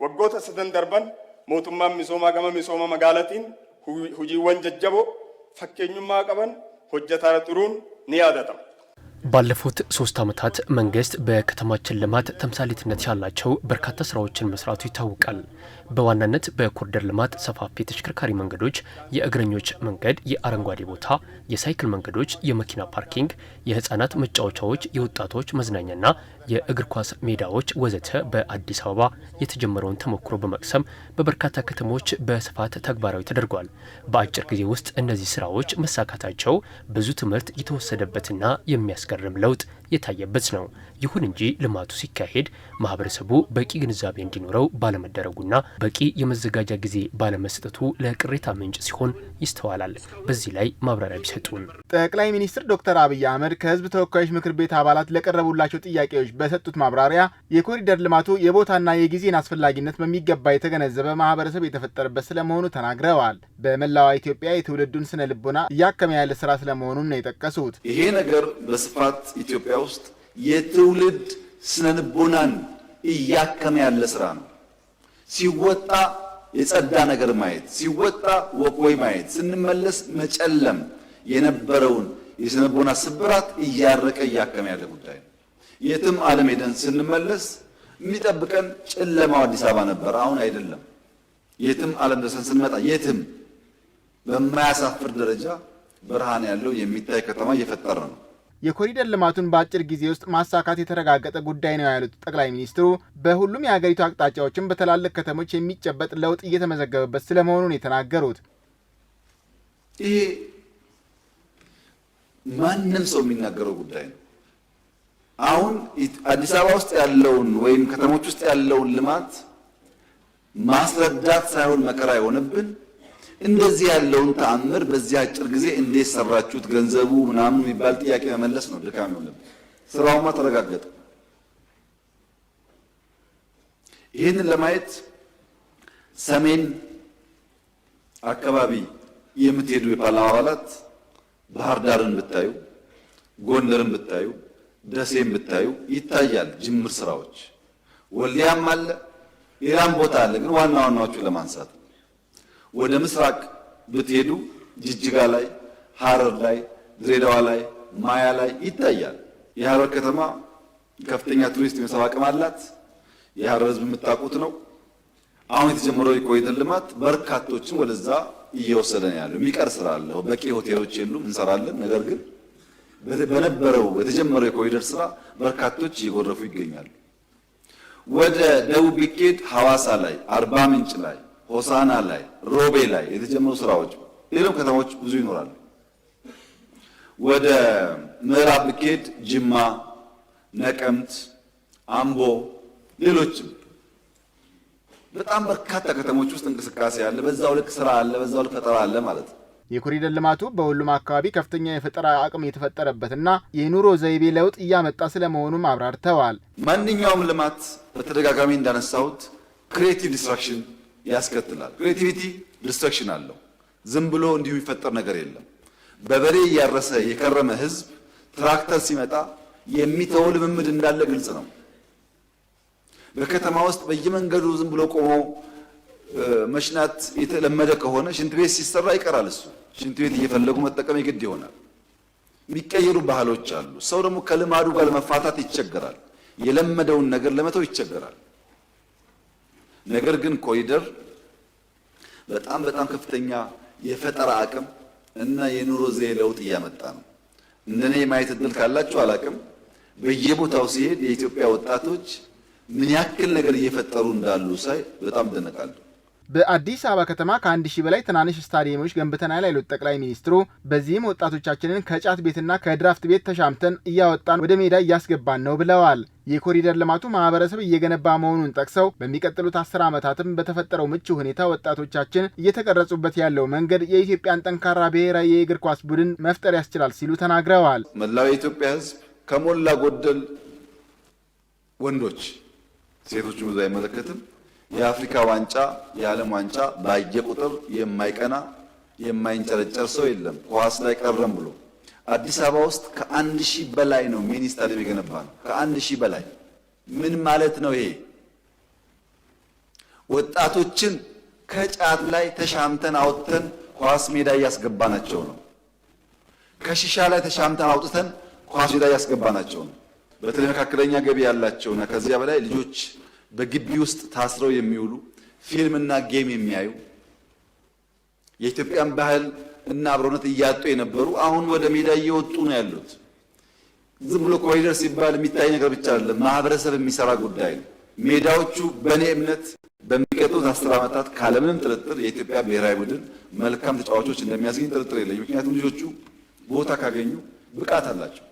waggoota sadan darban mootummaan misoomaa gama misooma magaalaatiin hojiiwwan jajjaboo fakkeenyummaa qaban hojjetaa turuun ni yaadatama. ባለፉት ሶስት ዓመታት መንግስት በከተማችን ልማት ተምሳሌትነት ያላቸው በርካታ ስራዎችን መስራቱ ይታወቃል። በዋናነት በኮሪደር ልማት ሰፋፊ ተሽከርካሪ መንገዶች፣ የእግረኞች መንገድ፣ የአረንጓዴ ቦታ፣ የሳይክል መንገዶች፣ የመኪና ፓርኪንግ፣ የህፃናት መጫወቻዎች፣ የወጣቶች መዝናኛና የእግር ኳስ ሜዳዎች ወዘተ በአዲስ አበባ የተጀመረውን ተሞክሮ በመቅሰም በበርካታ ከተሞች በስፋት ተግባራዊ ተደርጓል። በአጭር ጊዜ ውስጥ እነዚህ ስራዎች መሳካታቸው ብዙ ትምህርት የተወሰደበትና የሚያስገ የሚያስገርም ለውጥ የታየበት ነው። ይሁን እንጂ ልማቱ ሲካሄድ ማህበረሰቡ በቂ ግንዛቤ እንዲኖረው ባለመደረጉና በቂ የመዘጋጃ ጊዜ ባለመስጠቱ ለቅሬታ ምንጭ ሲሆን ይስተዋላል። በዚህ ላይ ማብራሪያ ቢሰጡን። ጠቅላይ ሚኒስትር ዶክተር አብይ አህመድ ከህዝብ ተወካዮች ምክር ቤት አባላት ለቀረቡላቸው ጥያቄዎች በሰጡት ማብራሪያ የኮሪደር ልማቱ የቦታና የጊዜን አስፈላጊነት በሚገባ የተገነዘበ ማህበረሰብ የተፈጠረበት ስለመሆኑ ተናግረዋል። በመላዋ ኢትዮጵያ የትውልዱን ስነ ልቦና እያከመ ያለ ስራ ስለመሆኑም ነው የጠቀሱት። ይሄ ነገር በስፋት ኢትዮጵያ ኢትዮጵያ ውስጥ የትውልድ ስነንቦናን እያከመ ያለ ስራ ነው። ሲወጣ የጸዳ ነገር ማየት፣ ሲወጣ ወቆይ ማየት፣ ስንመለስ መጨለም የነበረውን የስነንቦና ስብራት እያረቀ እያከመ ያለ ጉዳይ ነው። የትም ዓለም ሄደን ስንመለስ የሚጠብቀን ጨለማው አዲስ አበባ ነበር፣ አሁን አይደለም። የትም ዓለም ደርሰን ስንመጣ የትም በማያሳፍር ደረጃ ብርሃን ያለው የሚታይ ከተማ እየፈጠረ ነው። የኮሪደር ልማቱን በአጭር ጊዜ ውስጥ ማሳካት የተረጋገጠ ጉዳይ ነው ያሉት ጠቅላይ ሚኒስትሩ በሁሉም የሀገሪቱ አቅጣጫዎችን በትላልቅ ከተሞች የሚጨበጥ ለውጥ እየተመዘገበበት ስለመሆኑን የተናገሩት ይሄ ማንም ሰው የሚናገረው ጉዳይ ነው። አሁን አዲስ አበባ ውስጥ ያለውን ወይም ከተሞች ውስጥ ያለውን ልማት ማስረዳት ሳይሆን መከራ የሆነብን እንደዚህ ያለውን ተአምር በዚህ አጭር ጊዜ እንዴት ሰራችሁት ገንዘቡ ምናምን የሚባል ጥያቄ መመለስ ነው ድካም የለም። ስራውማ ተረጋገጠ። ይህንን ለማየት ሰሜን አካባቢ የምትሄዱ የፓርላማ አባላት ባህር ዳርን ብታዩ፣ ጎንደርን ብታዩ፣ ደሴን ብታዩ ይታያል። ጅምር ስራዎች ወልዲያም አለ፣ ሌላም ቦታ አለ። ግን ዋና ዋናዎቹ ለማንሳት ነው። ወደ ምስራቅ ብትሄዱ ጅጅጋ ላይ፣ ሐረር ላይ፣ ድሬዳዋ ላይ፣ ማያ ላይ ይታያል። የሐረር ከተማ ከፍተኛ ቱሪስት የመሳብ አቅም አላት። የሐረር ህዝብ የምታውቁት ነው። አሁን የተጀመረው የኮሪደር ልማት በርካቶችን ወደዛ እየወሰደ ነው ያለው። የሚቀር ስራ አለ። በቂ ሆቴሎች የሉም፣ እንሰራለን። ነገር ግን በነበረው የተጀመረው የኮሪደር ስራ በርካቶች እየጎረፉ ይገኛሉ። ወደ ደቡብ ቢኬድ ሐዋሳ ላይ አርባ ምንጭ ላይ ሆሳና ላይ ሮቤ ላይ የተጀመሩ ስራዎች ሌሎም ከተሞች ብዙ ይኖራሉ። ወደ ምዕራብ ብኬድ ጅማ፣ ነቀምት፣ አምቦ፣ ሌሎችም በጣም በርካታ ከተሞች ውስጥ እንቅስቃሴ አለ። በዛው ልክ ስራ አለ፣ በዛው ልክ ፈጠራ አለ ማለት ነው። የኮሪደር ልማቱ በሁሉም አካባቢ ከፍተኛ የፈጠራ አቅም የተፈጠረበትና የኑሮ ዘይቤ ለውጥ እያመጣ ስለመሆኑም አብራርተዋል። ማንኛውም ልማት በተደጋጋሚ እንዳነሳሁት ክሬቲቭ ዲስትራክሽን ያስከትላል። ክሬቲቪቲ ዲስትራክሽን አለው። ዝም ብሎ እንዲሁ የሚፈጠር ነገር የለም። በበሬ እያረሰ የከረመ ህዝብ ትራክተር ሲመጣ የሚተው ልምምድ እንዳለ ግልጽ ነው። በከተማ ውስጥ በየመንገዱ ዝም ብሎ ቆሞ መሽናት የተለመደ ከሆነ ሽንት ቤት ሲሰራ ይቀራል። እሱ ሽንት ቤት እየፈለጉ መጠቀም የግድ ይሆናል። የሚቀየሩ ባህሎች አሉ። ሰው ደግሞ ከልማዱ ጋር ለመፋታት ይቸገራል። የለመደውን ነገር ለመተው ይቸገራል። ነገር ግን ኮሪደር በጣም በጣም ከፍተኛ የፈጠራ አቅም እና የኑሮ ዘዬ ለውጥ እያመጣ ነው። እንደኔ የማየት እድል ካላችሁ አላቅም። በየቦታው ሲሄድ የኢትዮጵያ ወጣቶች ምን ያክል ነገር እየፈጠሩ እንዳሉ ሳይ በጣም ደነቃለሁ። በአዲስ አበባ ከተማ ከአንድ ሺህ በላይ ትናንሽ ስታዲየሞች ገንብተናል ያሉት ጠቅላይ ሚኒስትሩ በዚህም ወጣቶቻችንን ከጫት ቤትና ከድራፍት ቤት ተሻምተን እያወጣን ወደ ሜዳ እያስገባን ነው ብለዋል። የኮሪደር ልማቱ ማህበረሰብ እየገነባ መሆኑን ጠቅሰው በሚቀጥሉት አስር ዓመታትም በተፈጠረው ምቹ ሁኔታ ወጣቶቻችን እየተቀረጹበት ያለው መንገድ የኢትዮጵያን ጠንካራ ብሔራዊ የእግር ኳስ ቡድን መፍጠር ያስችላል ሲሉ ተናግረዋል። መላው የኢትዮጵያ ሕዝብ ከሞላ ጎደል ወንዶች፣ ሴቶች ብዙ አይመለከትም የአፍሪካ ዋንጫ የዓለም ዋንጫ ባየ ቁጥር የማይቀና የማይንጨረጨር ሰው የለም። ኳስ ላይ ቀረም ብሎ አዲስ አበባ ውስጥ ከአንድ ሺህ በላይ ነው ሚኒ ስታዲየም የገነባ ነው። ከአንድ ሺህ በላይ ምን ማለት ነው? ይሄ ወጣቶችን ከጫት ላይ ተሻምተን አውጥተን ኳስ ሜዳ እያስገባናቸው ነው። ከሽሻ ላይ ተሻምተን አውጥተን ኳስ ሜዳ እያስገባናቸው ነው። በተለይ መካከለኛ ገቢ ያላቸውና ከዚያ በላይ ልጆች በግቢ ውስጥ ታስረው የሚውሉ ፊልምና ጌም የሚያዩ የኢትዮጵያን ባህል እና አብሮነት እያጡ የነበሩ አሁን ወደ ሜዳ እየወጡ ነው ያሉት። ዝም ብሎ ኮሪደር ሲባል የሚታይ ነገር ብቻ አይደለም፣ ማህበረሰብ የሚሰራ ጉዳይ ነው። ሜዳዎቹ በእኔ እምነት በሚቀጥሉት አስር ዓመታት ካለምንም ጥርጥር የኢትዮጵያ ብሔራዊ ቡድን መልካም ተጫዋቾች እንደሚያስገኝ ጥርጥር የለኝ። ምክንያቱም ልጆቹ ቦታ ካገኙ ብቃት አላቸው።